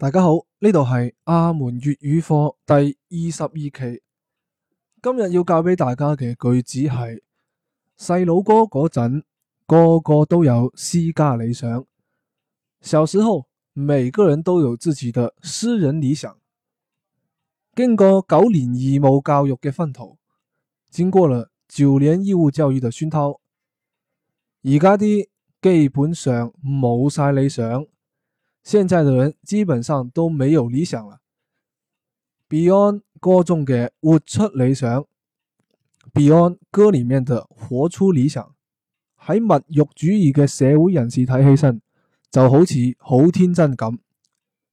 大家好，呢度係阿門粵語課第二十二期。今日要教俾大家嘅句子係：細佬哥嗰陣，個個都有私家理想。小時候，每個人都有自己的私人理想。經過九年義務教育嘅熏陶，經過了九年義務教育的熏陶，而家啲基本上冇晒理想。現在的人基本上都沒有理想了。Beyond 歌中嘅活出理想，Beyond 歌裏面的活出理想，喺物欲主義嘅社會人士睇起身就好似好天真咁。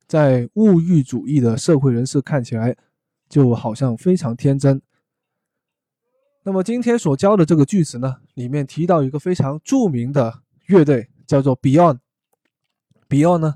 在物欲主義嘅社會人士看起來就好像非常天真。那麼今天所教的這個句子呢，裏面提到一個非常著名的樂隊，叫做 Beyond。Beyond 呢？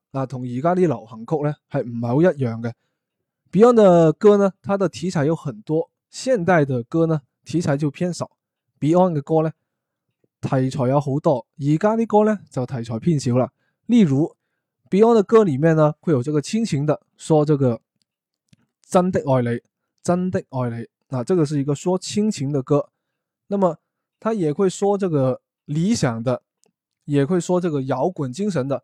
嗱，同而家啲流行曲咧係唔係好一樣嘅。Beyond 嘅歌呢，它的題材有很多；現代的歌呢，題材就偏少。Beyond 嘅歌呢，題材有好多，而家啲歌呢就題材偏少啦。例如，Beyond 嘅歌裏面呢會有這個親情的，說這個真的愛你，真的愛你。嗱，這個是一個說親情的歌。那麼，他也會說這個理想的，也會說這個搖滾精神的。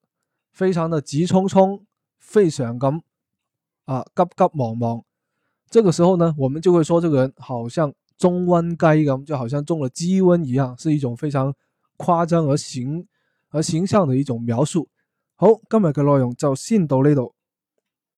非常的急匆匆，非常咁啊，急急忙忙。這個時候呢，我們就會說這個人好像中瘟雞咁，就好像中了雞瘟一樣，是一種非常誇張而形而形象的一種描述。好，今日嘅內容就先到呢度。